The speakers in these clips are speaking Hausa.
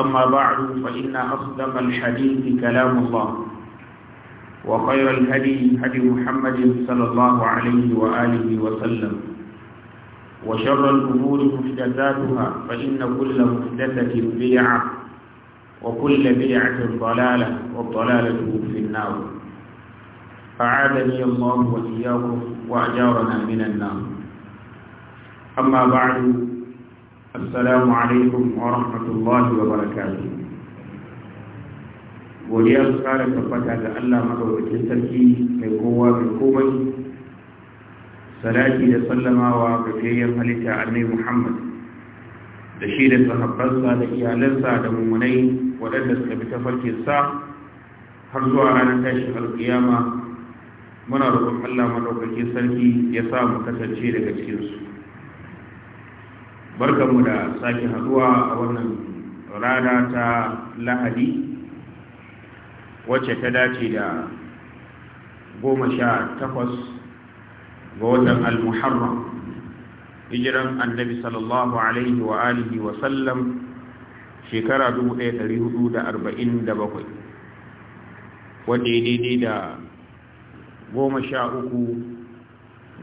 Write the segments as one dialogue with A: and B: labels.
A: أما بعد فإن أصدق الحديث كلام الله وخير الهدي هدي محمد صلى الله عليه وآله وسلم وشر الأمور محدثاتها فإن كل محدثة بيعة وكل بيعة ضلالة والضلالة في النار فعادني الله وإياكم وأجارنا من النار أما بعد assalamu alaikum wa rahmatullahi wa barakatuh godiya su kare tabbata ga Allah madaukakin sarki mai kowa mai komai salati da sallamawa ga fiyayyen halitta annabi Muhammad da shi da sahabbansa da iyalansa da mummunai waɗanda suka bi tafarkinsa har zuwa ranar tashin alƙiyama muna roƙon Allah madaukakin sarki ya sa mu kasance daga cikinsu barkanmu da sake haduwa a wannan rana ta lahadi wacce ta dace da goma sha takwas ga watan al-muharram hijiran annabi sallallahu alaihi wa alihi wa sallam shekara 1447 wanda ya daidai da goma sha uku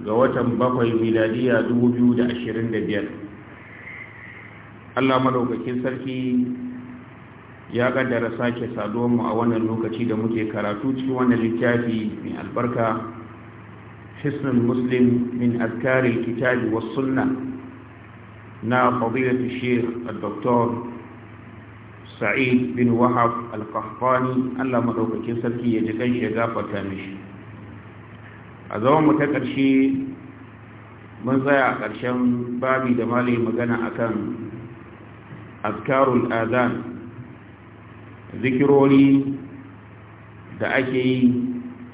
A: ga watan bakwai miladiya 2025 Allah madaukakin sarki ya kaddara sake saduwar mu a wannan lokaci da muke karatu cikin wannan littafi mai albarka hisnul muslim min azkaril kitabi was sunna na fadilatu Sheikh al sa'id bin wahab al-qahtani Allah madaukakin sarki ya ji kan shi gafarta mishi a zaman mu ta ƙarshe, mun tsaya a ƙarshen babi da malai magana akan azkarul azan zikirori da ake yi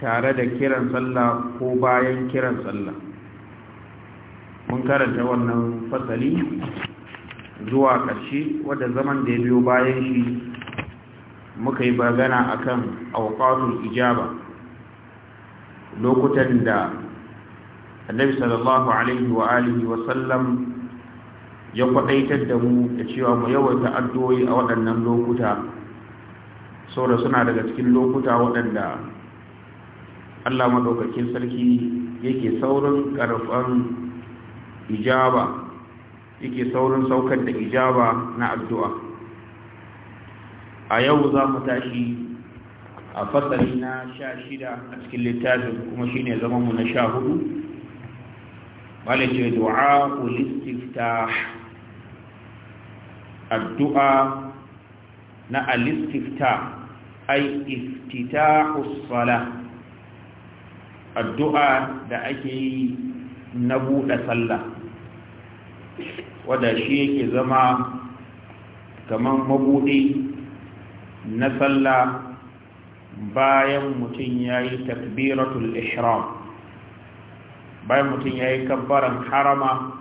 A: tare da kiran sallah ko bayan kiran sallah mun karanta wannan fasali zuwa ƙarshe wadda zaman da ya biyo bayan shi muka yi bagana akan auqatul ijaba lokutan da annabi sallallahu alaihi wa alihi wa sallam ya kwaɗaitar da mu da cewa mu yawaita addu'o'i a waɗannan lokuta saboda suna daga cikin lokuta waɗanda Allah madaukakin sarki yake saurin ƙarfan ijaba yake saurin saukar da ijaba na addu'a a yau za mu tashi a fasali na sha shida a cikin littafin kuma shi ne shine mu na sha hudu ɓalace du'a ulistifta addu'a na al-istifta addu'a da ake yi na buɗe sallah wadda shi yake zama kamar mabuɗi na sallah bayan mutum ya yi takbiratul ishram bayan mutum ya yi kabbaran harama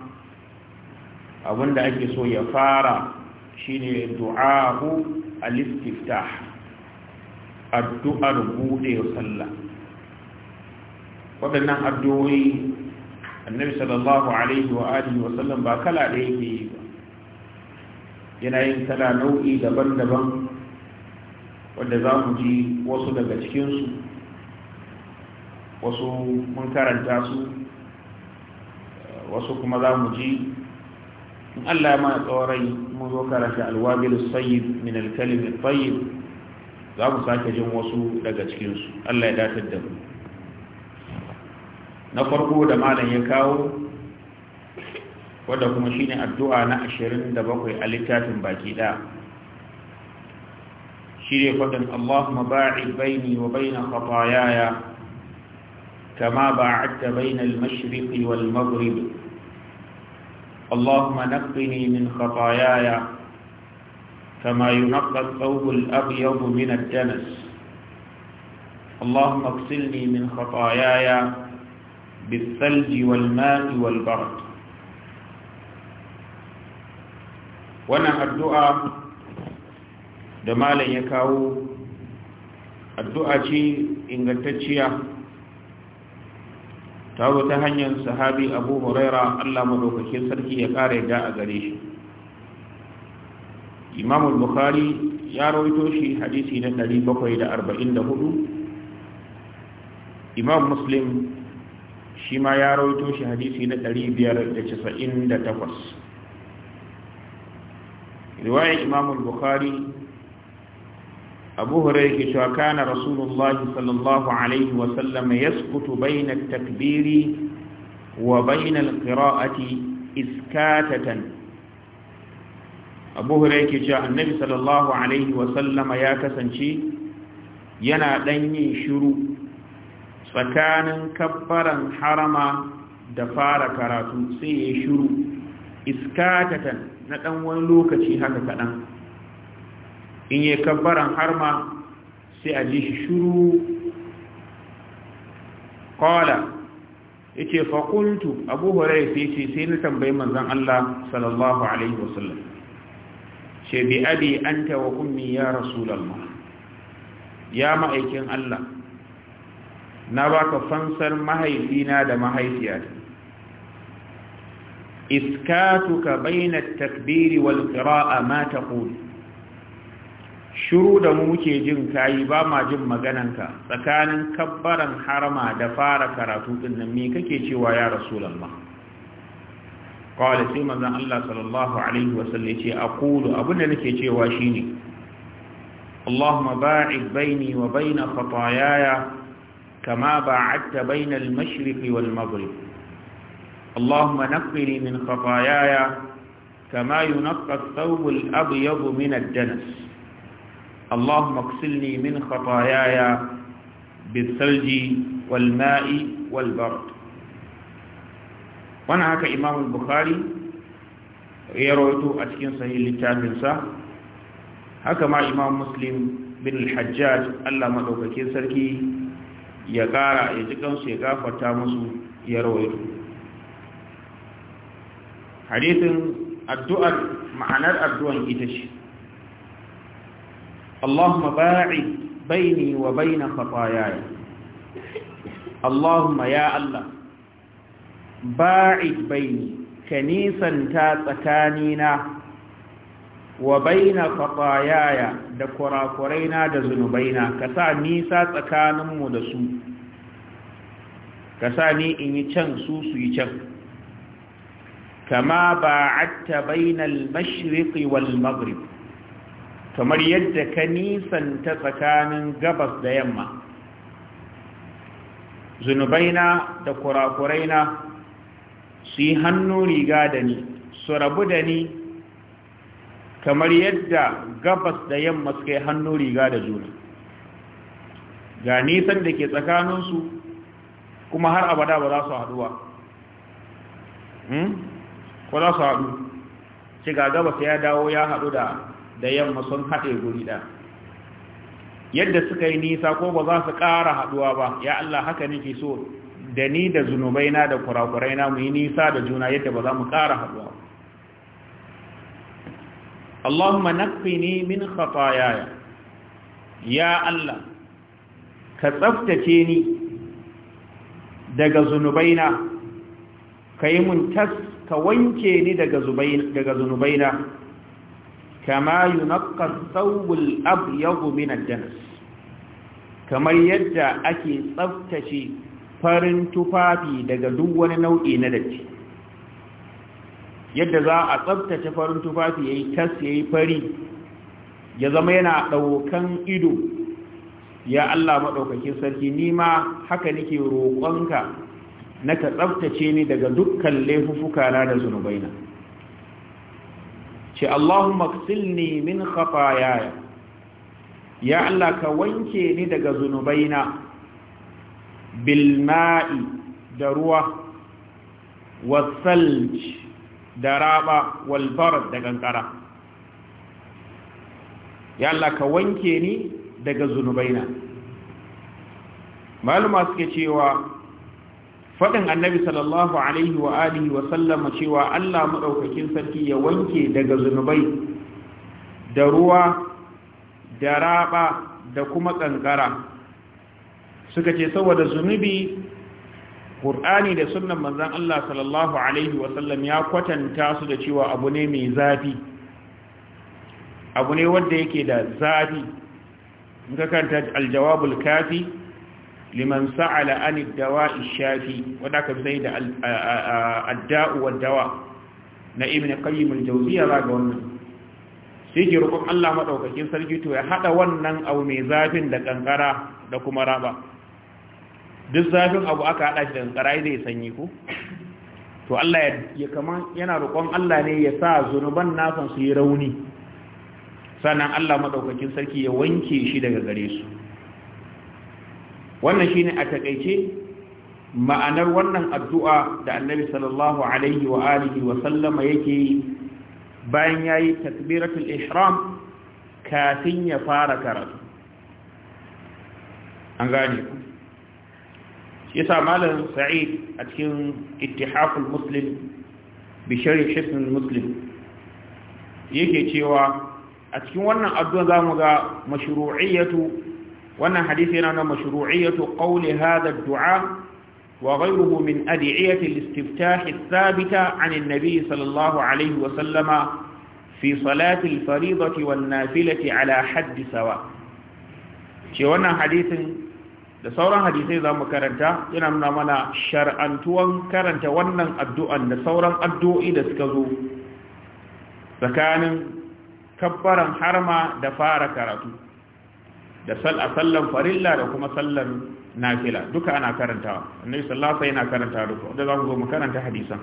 A: abinda ake so ya fara shine du'a al-istiftah addu'ar bude sallah waɗannan addu'o'i annabi sallallahu alaihi wa alihi wa sallam ba kala ɗaya yake yi ba yana yin kala nau'i daban-daban wanda za mu ji wasu daga cikinsu wasu mun karanta su wasu kuma za mu ji in Allah ma tsorai mun zo karanta alwabil sayyid min alkalim tayyib za mu sake jin wasu daga cikin su Allah ya datar da mu na farko da malam ya kawo wadda kuma shine addu'a na 27 a littafin baki da shine fadin Allahumma ba'id baini wa baina khataayaya kama ba'adta baina al-mashriqi wal maghrib اللهم نقني من خطاياي كما ينقى الثوب الأبيض من الدنس اللهم اغسلني من خطاياي بالثلج والماء والبرد وانا الدعاء da يكاو الدعاء شيء addu'a ce ta ta hanyar sahabi abu huraira allah maɗaukakin sarki ya ƙara yadda a gare shi imam bukhari ya rawaito shi hadisi na 744 imam muslim shi ma ya rawaito shi hadisi na 598 riwayar imam bukhari abu hurairah ke cewa kana rasulullah sallallahu alaihi wa ya yasqutu baina takbiri wa baina al-qira'ati iskatatan abu hurairah ke cewa annabi sallallahu alaihi wa sallama ya kasance yana dan yin shiru tsakanin kabbaran harama da fara karatu sai ya shiru iskatatan na dan wani lokaci haka kaɗan. in yi kabbaran harma sai a ji shi shuru kola ya ce faƙuntu abu sai ce sai na tambayi manzan Allah sallallahu Alaihi wasallam ce bi abi an tawa kummi ya rasulallah ya ma'aikin Allah na baka fansar mahaifina da mahaifiyata iskatuka baina takbiri wal qira'a ma taqulu shiru da mu muke jin kayi ba ma jin magananka tsakanin kabbaran harama da fara karatu din nan me kake cewa ya rasulullah qala sai manzon Allah sallallahu alaihi wasallam yace aqulu abinda nake cewa shine Allahumma ba'id baini wa baina khataayaya kama ba'adta baina al-mashriqi wal-maghrib Allahumma naqqini min khataayaya kama yunqqa ath-thawb al-abyad min ad-danas اللهم اغسلني من خطاياي بالثلج والماء والبرد وانا هكا امام البخاري يرويته اتكين صحيح لتابنسا هكا ما امام مسلم بن الحجاج الله مدوكاكين سركي ya kara ya ji kansu ya gafarta musu ya rawaito hadisin addu'ar ma'anar addu'an ita ce اللهم باعد بيني وبين خطاياي اللهم يا الله باعد بيني كنيسا تاتكانينا وبين خطاياي da kurakurena da zunubaina ka sa nisa tsakaninmu da su ka sa ni in yi can su suyi can kama bainal mashriqi wal maghrib kamar yadda ka nisanta tsakanin gabas da yamma zunubaina da kurakuraina su yi hannu riga da ni su rabu da ni kamar yadda gabas da yamma suka yi hannu riga da juna ga nisan da ke tsakaninsu kuma har abada ba za su haɗu hmm? ko za su haɗu shiga gabas ya dawo ya haɗu da da yamma sun haɗe guri ɗan yadda suka yi nisa ko ba za su ƙara haɗuwa ba ya Allah haka nake so da ni da zunubaina da kurakuraina mu yi nisa da juna yadda ba za mu ƙara haɗuwa ba Allahumma naqini min khataayaya ya Allah ka tsaftace ni daga zunubaina ka yi mun tas ka wanke ni daga zunubaina kama yunaqqa thawbul abyadu min ad-danas kamar yadda ake tsaftace farin tufafi daga duk wani nau'i na datti yadda za a tsaftace farin tufafi yayi tas yayi fari ya zama yana daukan ido ya Allah madaukakin sarki nima haka nake roƙonka na ka tsaftace ni daga dukkan laifuffuka na da zunubaina ce Allahumma maksilni min kafa ya Allah ka wanke ni daga zunubaina bil ma'i da ruwa wasalj da raba wal da kankara ya Allah ka wanke ni daga zunubaina maluma suke cewa faɗin annabi sallallahu alaihi wa alihi wa sallama cewa Allah maɗaukakin sarki ya wanke daga zunubai da ruwa da raba da kuma ƙanƙara. suka ce saboda zunubi Qur'ani da sunnan manzon Allah sallallahu alaihi wa sallam ya kwatanta su da cewa abu ne mai zafi abu ne wanda yake da zafi in ka kanta aljawabul kafi liman sa'ala an ad-dawa ash-shafi wanda ka sai da adda'u wad-dawa na ibn qayyim al-jawziyya ba ga wannan sai ki roƙon Allah madaukakin sarki to ya hada wannan abu mai zafin da kankara da kuma raba duk zafin abu aka hada shi da kankara zai sanyi ko to Allah ya kaman yana roƙon Allah ne ya sa zunuban nasan su yi rauni sannan Allah madaukakin sarki ya wanke shi daga gare su wannan shi ne a takaice ma'anar wannan addu'a da annabi sallallahu alaihi wa alihi wa sallama yake bayan yayi takbiratul ihram kafin ya fara karatu an gane ku yasa malam sa'id a cikin ittihaful muslim bi sharh muslim yake cewa a cikin wannan addu'a za mu ga mashru'iyatu wannan hadisi yana na mashru'iyyatu qawli hadha ad-du'a wa ghayruhu min ad'iyati al-istiftah ath-thabita 'an an sallallahu alayhi wa sallama fi salati al-fariidati wan-nafilati 'ala haddi sawa ce wannan hadisin da sauran hadisai za mu karanta yana nuna mana shar'antuwan karanta wannan addu'an da sauran addu'o'i da suka zo tsakanin kabbaran harma da fara karatu da Sal sallan farilla da kuma sallan nafila duka ana karantawa annabi sallallahu alaihi yana karantawa duka wanda za mu zo mu karanta hadisan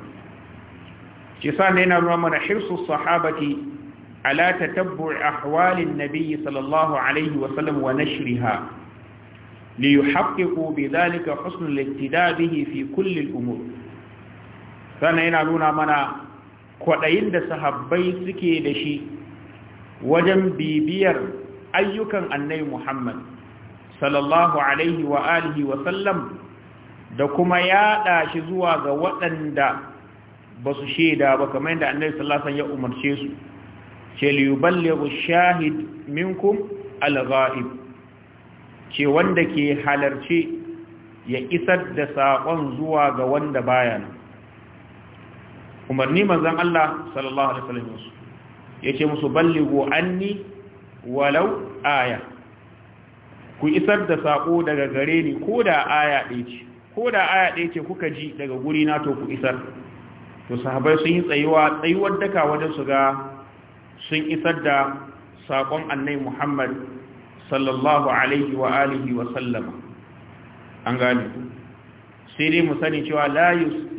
A: shi sa ne yana nuna mana hirsu sahabati ala tatabbu' ahwalin nabiyyi sallallahu alaihi wa sallam wa nashriha li yuhaqqiqu bidhalika husn al-iqtida bihi fi kulli al-umur sannan yana nuna mana kwadayin da sahabbai suke da shi wajen bibiyar ayyukan annai Muhammad sallallahu alaihi wa alihi wa sallam da kuma yaɗa shi zuwa ga waɗanda ba su shaida ba kamar yadda annai sallasan ya umarce su ce liyuballighu shahid minkum al-ghaib ce wanda ke halarce ya isar da saƙon zuwa ga wanda baya nan umarni manzon Allah sallallahu alaihi wasallam ya ce musu ballighu anni walau aya ku isar da sako daga gare ni ko da aya ɗaya ce ko da aya ɗaya ce kuka ji daga guri na to ku isar to sahabai sun yi tsayuwa tsayuwar daka wajen su ga sun isar da sakon annai muhammad sallallahu alaihi wa alihi wa sallama an gane sai dai mu sani cewa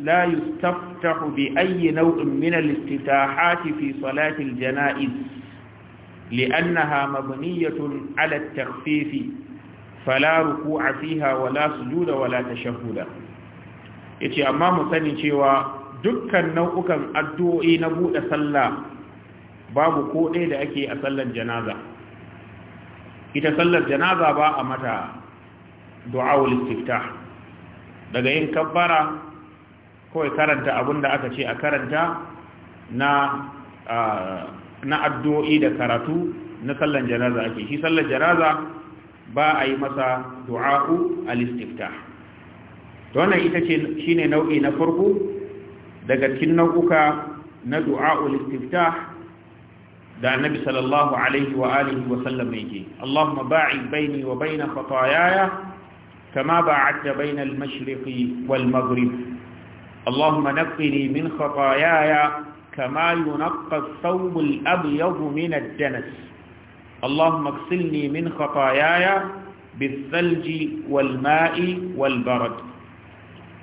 A: la yustaftahu bi ayyi nau'in min al-istitahati fi salati al-janaiz لأنها مبنية على التخفيف فلا ركوع فيها ولا سجود ولا تشهد yace amma mu sani cewa dukkan nau'ukan addu'o'i na buɗe sallah babu ko ɗaya da ake a sallar janaza ita sallar janaza ba a mata du'awul istiftah daga yin kabbara kawai karanta abun da aka ce a karanta na na addu'o'i da karatu na sallan janaza ake shi sallan janaza ba a yi masa du'a'u al-istiftah to wannan ita ce shi ne nau'i na farko daga cikin nau'uka na du'a'u al-istiftah da annabi sallallahu alaihi wa alihi wa sallam yake Allahumma ba'id baini wa baina khataayaya kama ba'adta baina al-mashriqi wal maghrib Allahumma naqqini min khataayaya كما ينقى الثوب الأبيض من الدنس اللهم اغسلني من خطاياي بالثلج والماء والبرد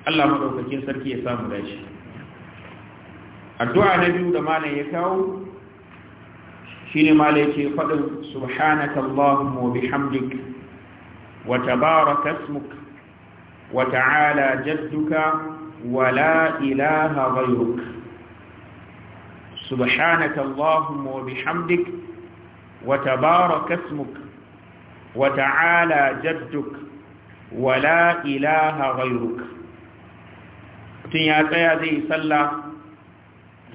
A: الله مدوكاكين سركي يسامو داشي الدعاء نبي da malam ya kawo shine malam yake fadin subhanakallahumma wa bihamdik wa tabaraka ismuk wa jadduka wa ilaha سبحانك اللهم وبحمدك وتبارك اسمك وتعالى جدك ولا إله غيرك تنياتا يا زي صلى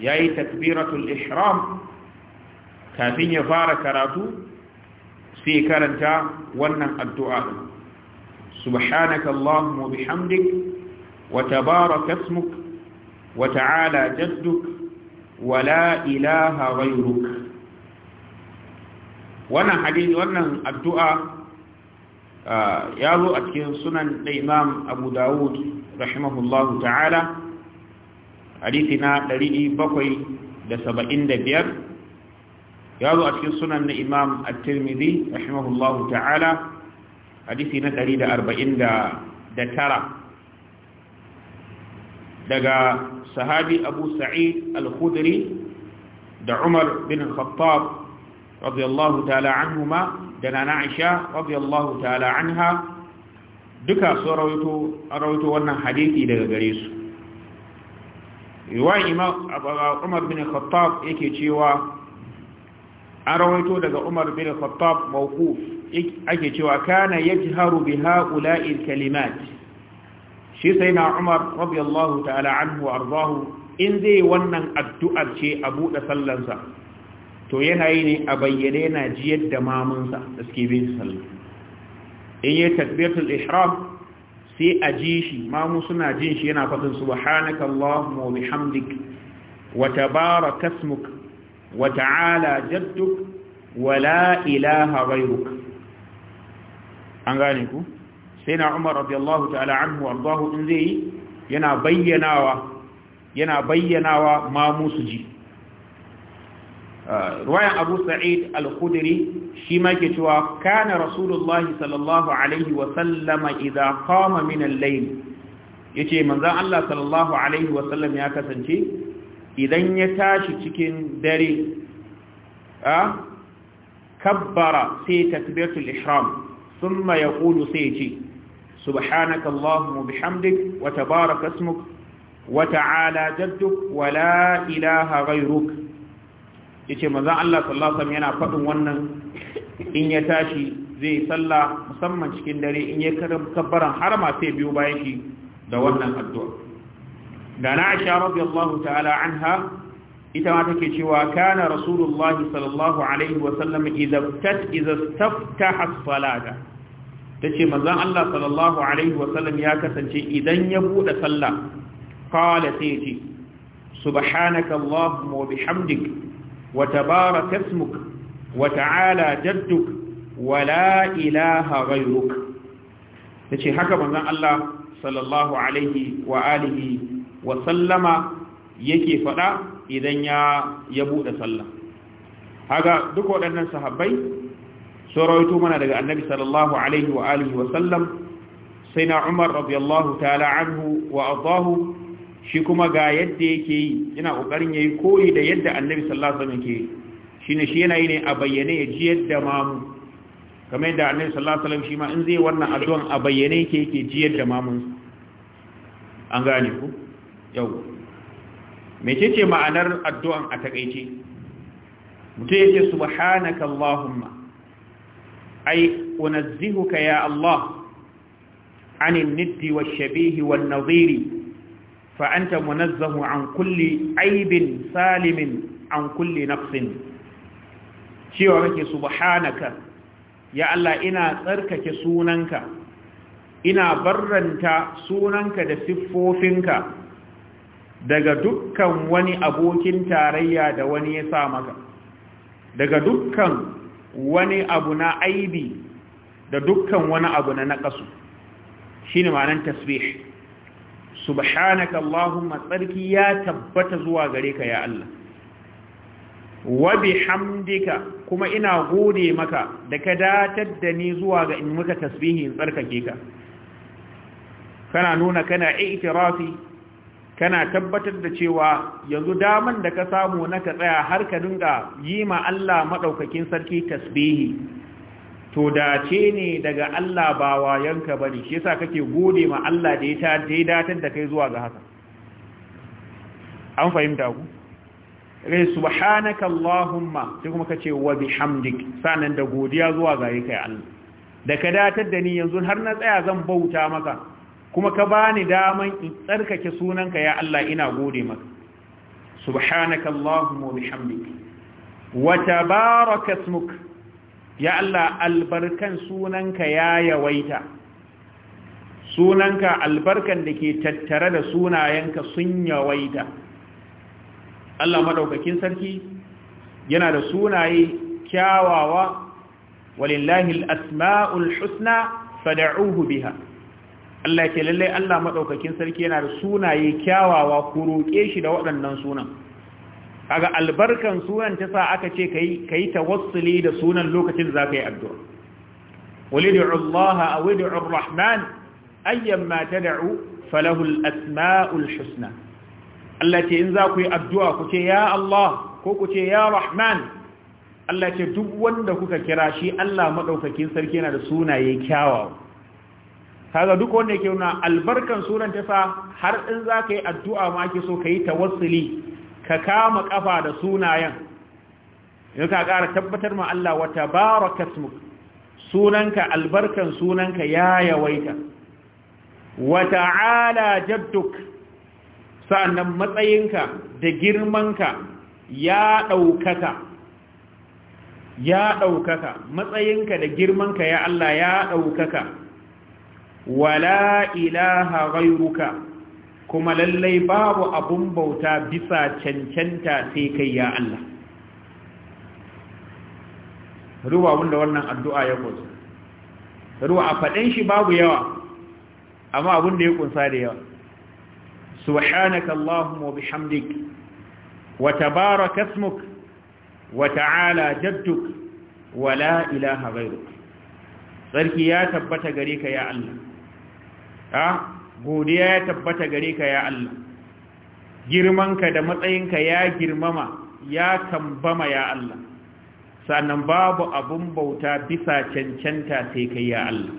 A: ياي تكبيرة الإحرام كافين يفار كراتو في كرنتا ونن الدعاء سبحانك اللهم وبحمدك وتبارك اسمك وتعالى جدك wala ilaha ghayruk wannan hadisi wannan addu'a ah, ya zo a cikin sunan da imam abu dawud rahimahullahu ta'ala hadithi na 775 ya zo a cikin sunan na imam at-tirmidhi rahimahullahu ta'ala hadithi na 149 daga sahabi abu sa'id al-khudri da umar bin khattab radiyallahu ta'ala anhuma da nana aisha radiyallahu ta'ala anha duka sun rawaito wannan hadisi daga gare su umar bin khattab yake cewa an rawaito daga umar bin khattab mawquf ake cewa kana yajharu bi ha'ula'i kalimat shi sai na umar radiyallahu ta'ala anhu arzahu in zai wannan addu'ar ce a buɗe sallansa to yana yi ne a bayyane yana jiyar da mamunsa da suke bin sallah in yi tasbiratul ihram sai a ji shi mamu suna jin shi yana faɗin subhanaka allahumma wa bihamdik wa tabaraka ismuk wa ta'ala jadduk wa la ilaha ghayruk an gane ku sai na umar radiyallahu ta'ala anhu ardahu in zai yana bayyanawa yana bayyanawa ma musu ji ah, ruwayan abu sa'id al-khudri shi ma ke cewa kana rasulullahi sallallahu alaihi wa sallama idza qama min al-layl yace manzon Allah sallallahu alaihi wa sallam ya kasance idan ya tashi cikin dare a kabbara sai takbiratul ihram thumma yaqulu sai ce سبحانك اللهم وبحمدك وتبارك اسمك وتعالى جدك ولا إله غيرك yace manzon Allah sallallahu alaihi wasallam yana faɗin wannan in ya tashi zai salla musamman cikin dare in ya kabbaran harama sai biyo bayan shi da wannan addu'a da na Aisha radiyallahu ta'ala anha ita ma take cewa kana rasulullahi sallallahu alaihi wasallam idza tat idza staftaha as-salata ta ce manzan Allah sallallahu Alaihi wasallam ya kasance idan ya buɗe sallah kawala sai ce subhanaka Allahumma wa bihamdik wa tabaraka ismuk wa ta'ala jadduk wa la ilaha ghayruk ta haka manzan Allah sallallahu Alaihi wa alihi wa sallama yake faɗa idan ya buɗe sallah haka duk waɗannan sahabbai sun rawaito mana daga annabi sallallahu alaihi wa alihi wa sallam sai na umar radiyallahu ta'ala anhu wa adahu shi kuma ga yadda yake yi yana kokarin yayi koyi da yadda annabi sallallahu alaihi wasallam yake shine shi yana yi ne a bayyane ya ji yadda mamu kamar yadda annabi sallallahu alaihi wasallam shi ma in zai wannan addu'an a bayyane yake yake ji yadda mamun an gane ku yau mecece ma'anar addu'an a takeice mutum yake subhanaka allahumma ai unazzihuka ya Allah عن الند والشبيه والنظير فأنت منزه عن كل عيب سالم عن كل نقص شيوعك سبحانك يا الله إنا تركك سوننك إنا برنت سوننك دا سفوفنك daga dukkan wani abokin tarayya da wani ya sa maka daga dukkan wani abu na aibi da dukkan wani abu na naƙasu shine ma'anar tasbih subhanaka allahumma tsarki ya tabbata zuwa gare ka ya Allah wa bihamdika kuma ina gode maka da ka datar da ni zuwa ga in muka tasbihin in tsarkake ka kana nuna kana i'tirafi kana tabbatar da cewa yanzu daman da ka samu na ka tsaya har ka dinga yi ma Allah maɗaukakin sarki tasbihi to dace ne daga Allah ba wayanka bane shi yasa kake gode ma Allah da ya ta daidatar da kai zuwa ga haka an fahimta ku rai subhanaka allahumma sai kuma kace wa bihamdik sanan da godiya zuwa ga kai Allah da ka datar da ni yanzu har na tsaya zan bauta maka kuma ka bani daman in tsarkake sunanka ya Allah ina gode maka subhanaka allahumma bihamdika wa tabaraka ismuk ya Allah albarkan sunanka ya yawaita sunanka albarkan da ke tattare da sunayenka sun yawaita Allah madaukakin sarki yana da sunaye kyawawa walillahi al-asma'ul husna fad'uhu biha Allah ce lallai Allah maɗaukakin sarki yana da sunaye kyawawa ku roƙe shi da waɗannan sunan kaga albarkan sunan ta sa aka ce kai kai tawassuli da sunan lokacin da zaka yi addu'a walidu Allah a ud'u ar-rahman ayyamma tad'u falahu al-asma'ul husna Allah ce in za ku yi addu'a ku ce ya Allah ko ku ce ya Rahman Allah ce duk wanda kuka kira shi Allah maɗaukakin sarki yana da sunaye kyawawa kaga duk wanda yake nuna albarkan sunan ta sa har in za ka yi addu'a ma ake so ka yi tawassuli ka kama ƙafa da sunayen yau ka ƙara tabbatar ma Allah wa tabaraka sunanka albarkan sunanka ya yawaita wa ta'ala jadduk sa'annan matsayinka da girmanka ya ya ɗaukaka matsayinka da girmanka ya Allah ya ɗaukaka wala ilaha ghairuka kuma lallai babu abun bauta bisa cancanta sai kai ya Allah ruwa wanda wannan addu'a ya kunsa ruwa a faɗin shi babu yawa amma abun da ya kunsa da yawa subhanaka allahumma bihamdik wa tabaraka ismuk wa ta'ala jadduk wa ilaha ghairuka sarki ya tabbata gare ka ya Allah ha godiya ya tabbata gare ka ya Allah girmanka da matsayinka ya girmama ya tambama ya Allah sannan babu abun bauta bisa cancanta sai kai ya Allah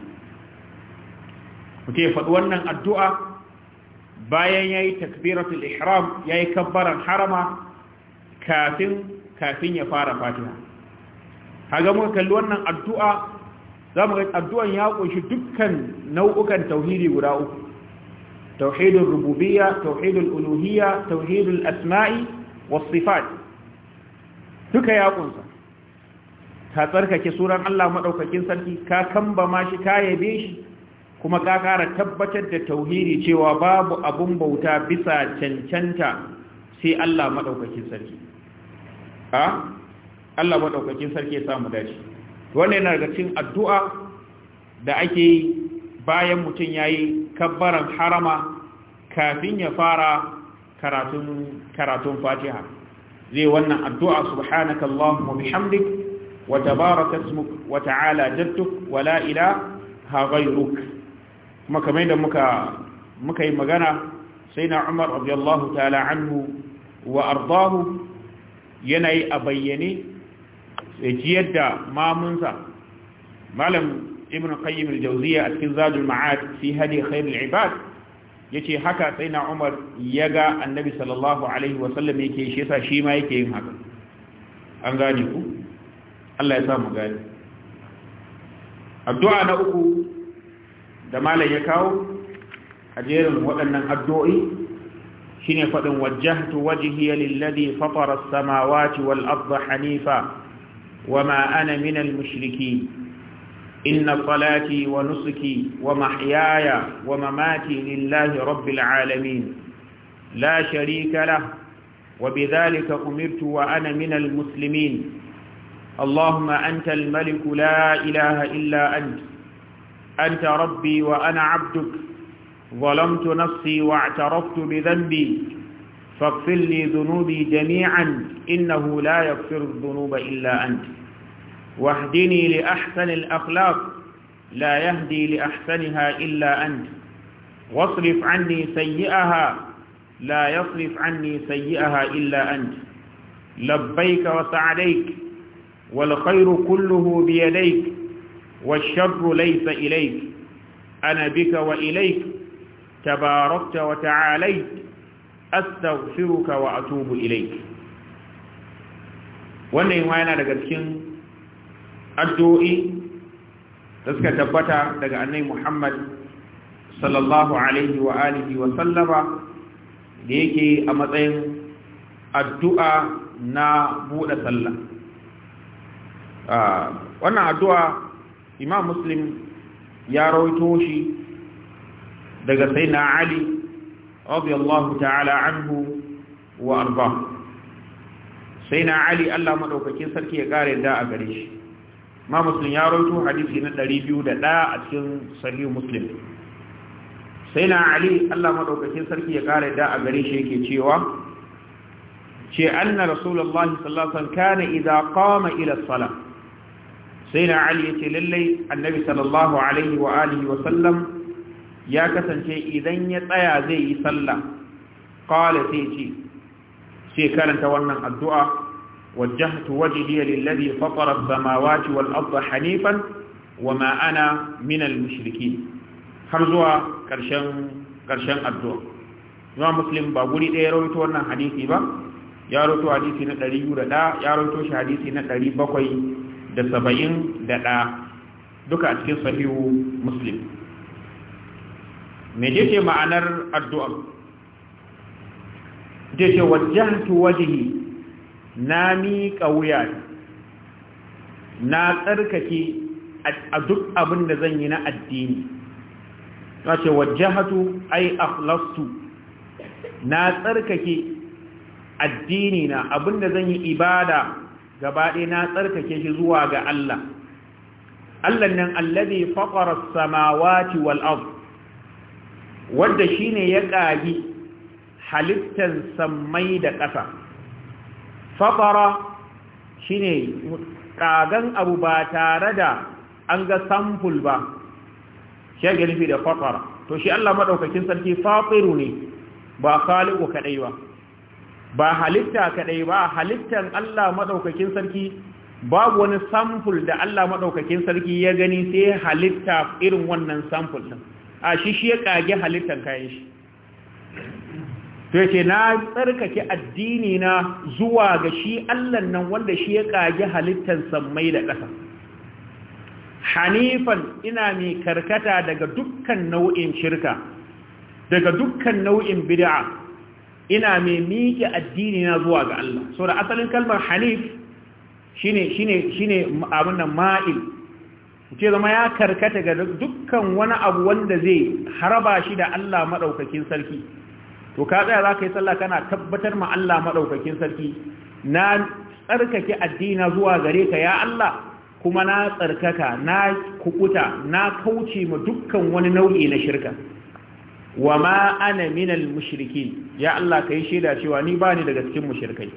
A: kuke faɗi wannan addu'a bayan yayi takbiratul ihram yayi kabbaran harama kafin kafin ya fara fatiha haga muka kalli wannan addu'a zamu ga addu'an ya ƙunshi dukkan nau'ukan tauhidi guda uku tauhidul rububiyya tauhidul uluhiyya tauhidul asma'i was sifat duka ya kunsa ka tsarkake suran Allah madaukakin sarki ka kamba ma shi ka yabe shi kuma ka kara tabbatar da tauhidi cewa babu abun bauta bisa cancanta sai Allah madaukakin sarki a Allah madaukakin sarki ya samu dace wannan yana daga cin addu'a da ake yi bayan mutum ya yi kabbaran harama kafin ya fara karatun fatiha zai wannan addu'a subhanaka Allahumma bihamdik wa tabaraka ismuk wa ta'ala jattuk wa la ilaha ghayruk kuma kamar da muka yi magana sai na Umar radiyallahu ta'ala anhu wa ardahu yanayi a bayyane jiyar da mamunsa malam ibn qayyim al-jawziya a cikin zadul ma'ad fi hadi khair al-ibad yace haka sai na umar yaga annabi sallallahu alaihi wa sallam yake shi yasa shi ma yake yin haka an gane ku Allah ya sa mu gane addu'a na uku da malam ya kawo a jerin waɗannan addu'o'i shine faɗin wajjahtu wajhiya lilladhi fatara as-samawati wal arda hanifa ma ana minal mushrikin. إن صلاتي ونسكي ومحياي ومماتي لله رب العالمين لا شريك له وبذلك أمرت وأنا من المسلمين اللهم أنت الملك لا إله إلا أنت أنت ربي وأنا عبدك ظلمت نفسي واعترفت بذنبي فاغفر لي ذنوبي جميعا إنه لا يغفر الذنوب إلا أنت واهدني لأحسن الأخلاق لا يهدي لأحسنها إلا أنت واصرف عني سيئها لا يصرف عني سيئها إلا أنت لبيك وسعديك والخير كله بيديك والشر ليس إليك أنا بك وإليك تباركت وتعاليت أستغفرك وأتوب إليك wannan yana daga cikin addu'o'i da suka tabbata daga annai Muhammad sallallahu alaihi wa alihi wa sallama da yake a matsayin addu'a na buɗe sallah wannan addu'a imam muslim ya rawaito shi daga sai na ali radiyallahu ta'ala anhu wa arba sai na ali allah maɗaukakin sarki ya ƙare da a gare shi ma muslim ya rawaito hadisi na 201 a cikin sahih muslim sai na ali Allah madaukakin sarki ya ƙara da a gare shi yake cewa ce anna rasulullah sallallahu alaihi wasallam kana idza qama ila salat sai na ali ya ce lallai annabi sallallahu alaihi wa alihi wa sallam ya kasance idan ya tsaya zai yi sallah qala sai ce sai karanta wannan addu'a وجهت وجهي للذي فطر السماوات والأرض حنيفا وما أنا من المشركين حرزوا كرشن كرشن الدعاء نوع مسلم بابولي دي رويتو وانا حديثي با يا رويتو حديثي نتالي يورا دا يا رويتو حديثي نتالي بقوي دا سبعين دا دا دوكا اتكين صحيح مسلم مجيتي معنر الدعاء جيتي وجهت وجهي na miƙa wuya na tsarkake a duk abin da zan yi na addini na ce wajahatu ai akhlastu na tsarkake addini na abin da zan yi ibada gabaɗe na tsarkake shi zuwa ga Allah Allah nan alladhi faqara as-samawati wal ard wanda shine ya kagi halittan sammai da ƙasa fatara shine kagan abu ba tare da an ga sampul ba shi ya nufi da fatara to shi Allah madaukakin sarki fatiru ne ba khaliqu kadai ba ba halitta kaɗai ba halittan Allah madaukakin sarki babu wani sampul da Allah maɗaukakin sarki ya gani sai halitta irin wannan sampul. din a shi shi ya kage halittan kayan shi sai ce na tsarkake addini na zuwa ga shi Allah nan wanda shi ya kage halittar sammai da ƙasa hanifan ina mai karkata daga dukkan nau'in shirka daga dukkan nau'in bid'a ina mai miƙe addini na zuwa ga Allah so da asalin kalmar hanif shine shine shine abin nan ma'il ce zama ya karkata ga dukkan wani abu wanda zai haraba shi da Allah madaukakin sarki to ka tsaya za ka yi sallah kana tabbatar ma Allah maɗaukakin sarki na tsarkake addina zuwa gare ka ya Allah kuma na tsarkaka na kukuta na kauce ma dukkan wani nau'i na shirka wa ma ana minal mushriki ya Allah kai shaida cewa ni bani daga cikin mushrikai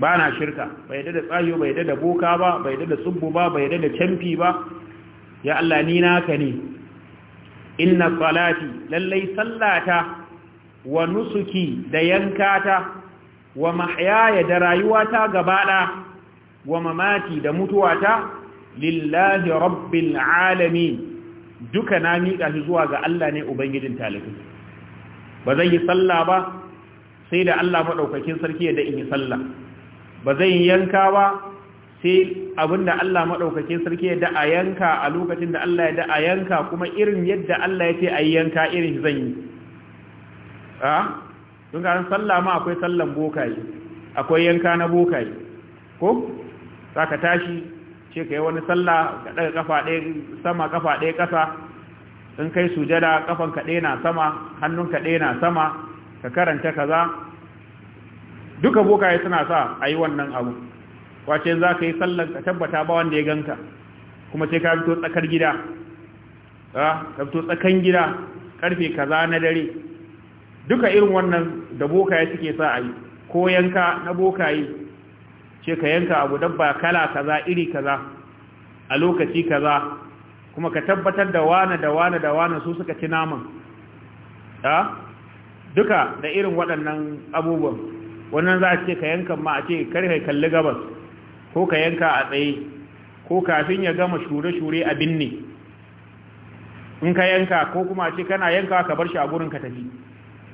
A: Ba na shirka bai da tsayo bai da boka ba bai da tsubbu ba bai da canfi ba ya Allah ni naka ne inna salati lallai sallata wa nusuki da yankata wa mahyaya da rayuwata gabaɗa wa mamati da mutuwata lillahi rabbil alamin duka na miƙa shi zuwa ga Allah ne ubangijin talibai ba zai yi sallah ba sai da Allah maɗaukakin sarki ya in yi sallah ba zai yi yanka ba sai abinda Allah maɗaukakin sarki ya da'a yanka a lokacin da Allah ya da'a yanka kuma irin yadda Allah ya ce a yanka irin zan yi a sun ga sallah ma akwai sallan bokaye akwai yanka na bokaye ko za ka tashi ce ka yi wani sallah ka daga kafa ɗaya sama kafa ɗaya ƙasa in kai sujada kafan ka ɗaya na sama hannun ka ɗaya na sama ka karanta kaza duka bokaye suna sa a yi wannan abu wace za ka yi sallan ka tabbata ba wanda ya ganka kuma sai ka fito tsakar gida ka fito tsakan gida karfe kaza na dare duka irin wannan da bokaye suke sa a yi ko yanka na bokaye ce ka yanka abu dabba kala kaza iri kaza a lokaci kaza kuma ka tabbatar da wane da wane da wane su suka ci naman da duka da irin waɗannan abubuwan wannan za a ce ka yanka ma a ce karfe kalli gabas ko ka yanka a tsaye ko kafin ya gama shure-shure a binne in ka yanka ko kuma a ce kana yanka ka bar shi a gurin ka tafi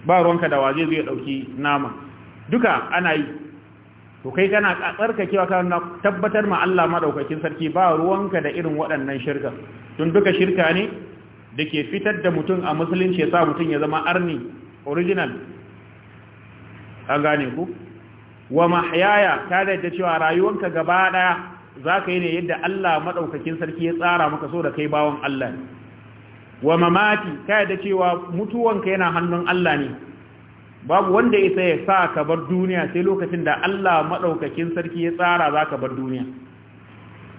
A: ba ruwanka da waje zai dauki nama duka ana yi to kai kana tsarkakewa ka tabbatar ma Allah madaukakin sarki ba ruwanka da irin waɗannan shirka tun duka shirka ne da ke fitar da mutum a musulunci ya sa mutum ya zama arni original an gane ku wa mahyaya ta da cewa rayuwanka gaba daya zaka yi ne yadda Allah madaukakin sarki ya tsara maka so da kai bawon Allah wa mamati ka yadda cewa mutuwanka yana hannun Allah ne babu wanda isa ya sa ka bar duniya sai lokacin da Allah maɗaukakin sarki ya tsara za ka bar duniya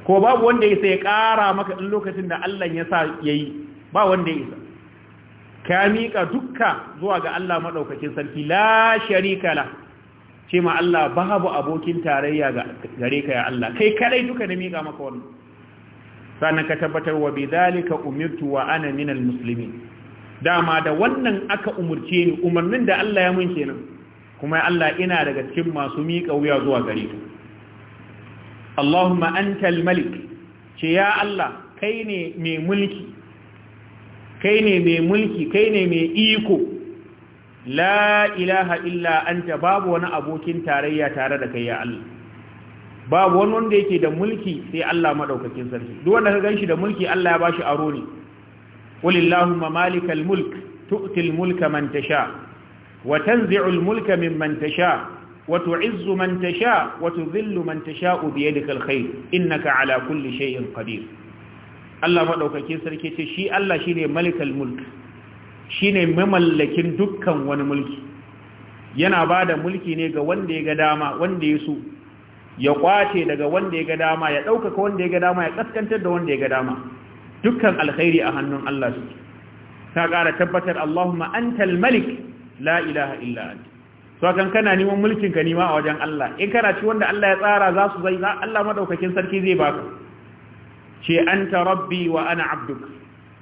A: ko babu wanda isa ya ƙara maka ɗin lokacin da Allah ya sa ya yi ba wanda isa ka miƙa dukka zuwa ga Allah maɗaukakin sarki la sharika la ce ma Allah babu abokin tarayya gare ka ya Allah kai kadai duka na miƙa maka wannan sannan ka tabbatar wa bidhalika umirtu wa ana minal muslimin dama da wannan aka umurce ni umarnin da Allah ya mun kenan kuma Allah ina daga cikin masu miƙa wuya zuwa gare ka Allahumma antal malik ce ya Allah kai ne mai mulki kai ne mai mulki kai ne mai iko la ilaha illa anta babu wani abokin tarayya tare da kai ya Allah babu wani wanda yake da mulki sai Allah madaukakin sarki duk wanda ka ganshi da mulki Allah ya bashi aro ne qulillahumma malikal mulk tu'til mulka man tasha wa tanzi'ul mulka mimman tasha wa tu'izzu man tasha wa tudhillu man tasha bi yadikal khair innaka ala kulli shay'in qadir Allah madaukakin sarki ce shi Allah shine malikal mulk shine mamallakin dukkan wani mulki yana bada mulki ne ga wanda ya ga dama wanda ya so ya kwace daga wanda ya ga dama ya ɗaukaka wanda ya ga dama ya kaskantar da wanda ya ga dama dukkan alkhairi a hannun Allah su ta ƙara tabbatar Allahumma antal malik la ilaha illa anta to kan kana neman mulkin ka nima a wajen Allah in kana ci wanda Allah ya tsara za su zai Allah madaukakin sarki zai baka ce anta rabbi wa ana abduk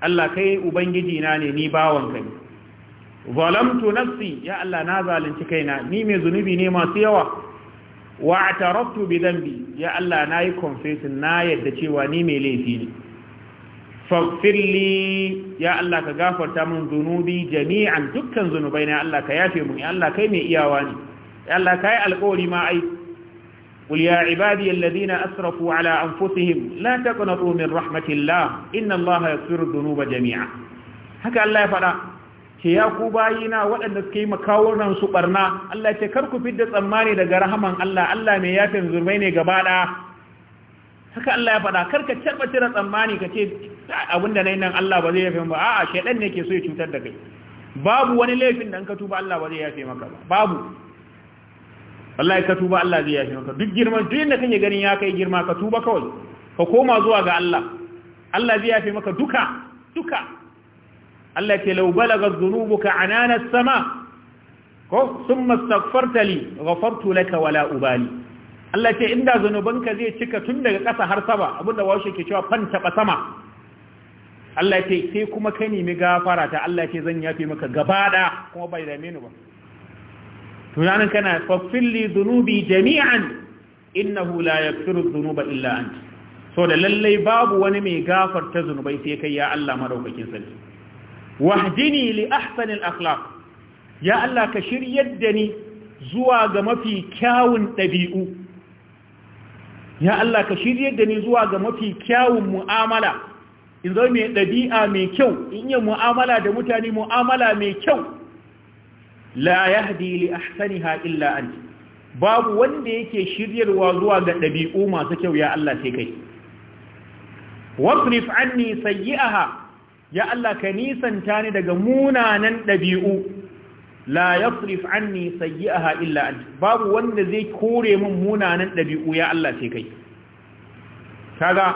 A: Allah kai ubangiji na ne ni bawan kai zalamtu nafsi ya Allah na zalunci kaina ni mai zunubi ne masu yawa wa ataraftu bi ya Allah nayi confession na yadda cewa ni mai laifi ne faghfirli ya Allah ka gafarta min zunubi jami'an dukkan zunubai na Allah ka yafe mun ya Allah kai mai iyawa ne ya Allah kai alƙawari ma ai qul ya ibadi alladhina asrafu ala anfusihim la taqnatu min rahmatillah inna Allah yaghfiru dhunuba jami'a haka Allah ya faɗa ke ya ku bayina waɗanda suka yi nan su ɓarna. Allah ce kar ku fidda tsammani daga rahaman Allah Allah mai yafin zurmai ne gaba ɗaya haka Allah ya faɗa kar ka taɓa cire tsammani ka ce abin da na yi nan Allah ba zai yafe ba a'a shaidan ne ke so ya cutar da kai babu wani laifin da an ka tuba Allah ba zai yafe maka ba babu ya ka tuba Allah zai yafe maka duk girman duk inda kake ganin ya kai girma ka tuba kawai ka koma zuwa ga Allah Allah zai yafe maka duka duka Allah ce lau balaga ka ananar sama ko thumma astaghfarta li ghafartu laka wala ubali Allah ce inda zunubanka zai cika tun daga ƙasa har sama abinda washe ke cewa fan taba sama Allah ce sai kuma ka nemi gafara ta Allah ce zan yafi maka gabaɗa kuma bai da ni ba tunanin kana fafili zunubi jami'an innahu la yaghfiru dhunuba illa anta so da lallai babu wani mai gafarta zunubai sai kai ya Allah madaukakin sarki wahdini li al akhlaq ya Allah ka shiryar da ni zuwa ga mafi kyawun ɗabi'u ya Allah ka shiryar da ni zuwa ga mafi kyawun mu'amala in zo mai ɗabi'a mai kyau in yi mu'amala da mutane mu'amala mai kyau la yahdi li ahsaniha illa anta babu wanda yake shiryarwa zuwa ga ɗabi'u masu kyau ya Allah sai kai wasrif anni sayyi'aha ya Allah ka nisanta ni daga munanan ɗabi'u la yasrif sayi a illa anta babu wanda zai kore min munanan ɗabi'u ya Allah sai kai kaga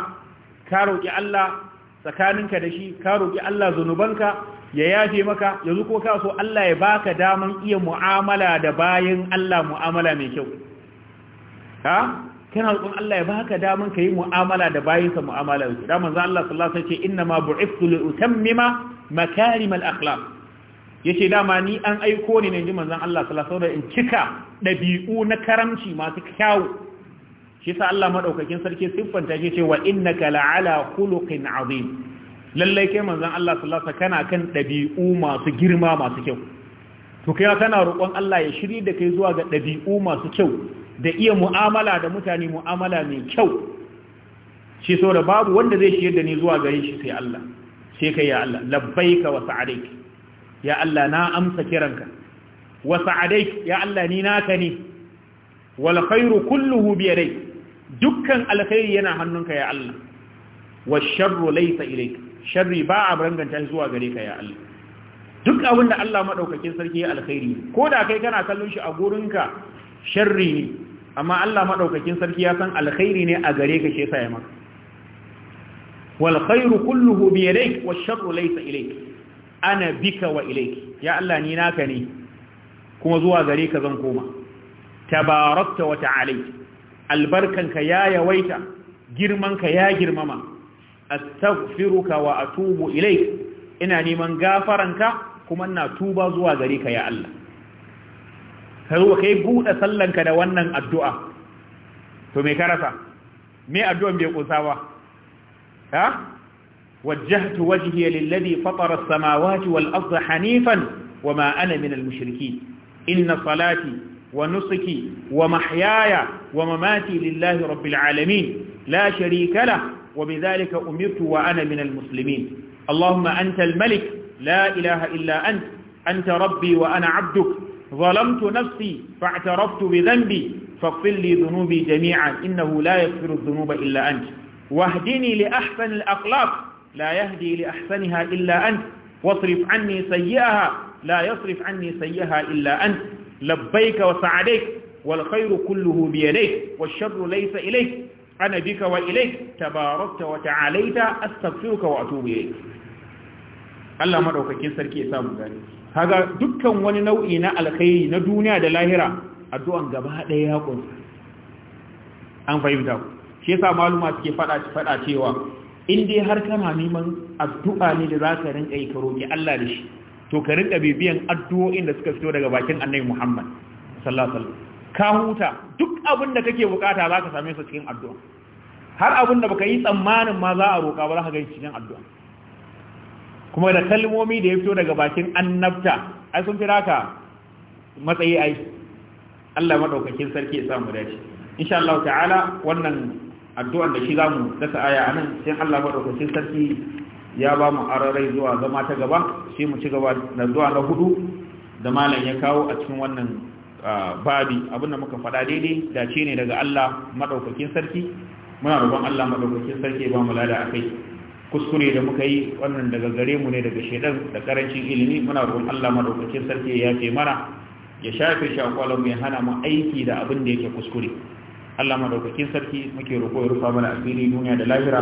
A: ka roki Allah tsakaninka da shi ka roƙi Allah zunubanka ya yafe maka ya ko ka so Allah ya baka daman iya mu'amala da bayan Allah mu'amala mai kyau ha kana roƙon Allah ya baka daman ka yi mu'amala da bayinsa mu'amala da da manzo Allah sallallahu alaihi wasallam ce inna bu'ithtu li utammima makarim al akhlaq yace dama ni an aiko ne ne ji manzon Allah sallallahu alaihi wasallam in cika dabi'u na karamci masu kyau. shi sa Allah madaukakin sarki siffanta shi ce wa innaka la'ala khuluqin azim lallai kai manzon Allah sallallahu alaihi wasallam kana kan dabi'u masu girma masu kyau to kai kana roƙon Allah ya shiri da kai zuwa ga dabi'u masu kyau da iya mu'amala da mutane mu'amala mai kyau shi so da babu wanda zai shiyar da ni zuwa gare shi sai Allah sai kai ya Allah labbaika wa sa'adaik ya Allah na amsa kiranka wa sa'adaik ya Allah ni naka ne wal khairu kulluhu bi yadayk dukkan alkhairi yana hannunka ya Allah wa sharru laysa ilayk sharri ba a ranganta zuwa gare ka ya Allah duk abin da Allah madaukakin sarki ya alkhairi ko da kai kana kallon shi a gurinka sharri ne amma Allah maɗaukakin sarki ya san alkhairi ne a gare ka Shesa ya maka wal khairu kulluhu bi yadayk wash sharru laisa ilayk ana bika wa ya Allah ni naka ne kuma zuwa gare ka zan koma tabarakta wa ta'alayta albarkanka ya yawaita girmanka ya girmama tafiruka wa tubu ilayk ina neman gafaranka kuma ina tuba zuwa gare ka ya Allah ka kai buɗe sallanka da wannan addu'a to ka rasa me addu'an bai kusa ba ha wajjahtu wajhiya lillazi fatara samawati wal arda hanifan wama ana min al-mushrikeen inna salati wa nusuki wa mahyaya wa mamati lillahi rabbil alamin la sharika la wa bidhalika umirtu wa ana min al-muslimin allahumma anta al-malik la ilaha illa anta anta rabbi wa ana 'abduka ظلمت نفسي فاعترفت بذنبي فاغفر لي ذنوبي جميعا إنه لا يغفر الذنوب إلا أنت واهدني لأحسن الأخلاق لا يهدي لأحسنها إلا أنت واصرف عني سيئها لا يصرف عني سيئها إلا أنت لبيك وسعديك والخير كله بيديك والشر ليس إليك أنا بك وإليك تباركت وتعاليت أستغفرك وأتوب إليك Allah madaukakin sarki ya samu gani kaga dukkan wani nau'i na alkhairi na duniya da lahira addu'an gaba ɗaya ya kunsa an fahimta ku shi yasa maluma suke fada fada cewa in dai har kana neman addu'a ne da zaka rinka yi karo roki Allah da shi to ka rinka bibiyan addu'o'in da suka fito daga bakin Annabi Muhammad sallallahu alaihi wasallam ka huta duk abin da kake bukata zaka same su cikin addu'a har abin da baka yi tsammanin ma za a roka ba za ka ga cikin addu'a kuma da kalmomi da ya fito daga bakin annabta ai sun fi matsayi ai Allah madaukakin sarki ya samu dace insha Allah ta'ala wannan addu'ar da shi zamu dasa aya anan sai Allah madaukakin sarki ya ba mu ararai zuwa zama ta gaba sai mu ci gaba da zuwa na hudu da malam ya kawo a cikin wannan babi abin da muka faɗa daidai dace ne daga Allah madaukakin sarki muna roƙon Allah madaukakin sarki ya ba mu lada akai kuskure da muka yi wannan daga gare mu ne daga shedan da karancin ilimi muna roƙon Allah madaukakin sarki ya yafe mana ya shafe shakwalan mai ya hana mu aiki da abin da yake kuskure Allah madaukakin sarki muke roƙo ya rufa mana asiri duniya da lahira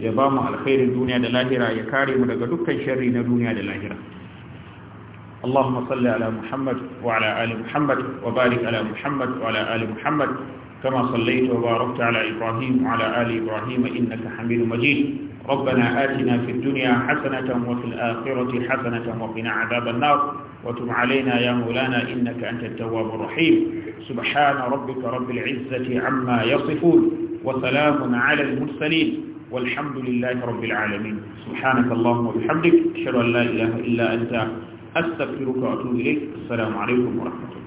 A: ya ba mu alkhairin duniya da lahira ya kare mu daga dukkan sharri na duniya da lahira اللهم صل على محمد وعلى آل محمد وبارك على محمد وعلى آل محمد كما صليت وباركت على إبراهيم وعلى آل إبراهيم إنك حميد مجيد ربنا آتنا في الدنيا حسنة وفي الآخرة حسنة وقنا عذاب النار وتب علينا يا مولانا إنك أنت التواب الرحيم سبحان ربك رب العزة عما يصفون وسلام على المرسلين والحمد لله رب العالمين سبحانك اللهم وبحمدك أشهد أن لا إله إلا أنت أستغفرك وأتوب إليك السلام عليكم ورحمة الله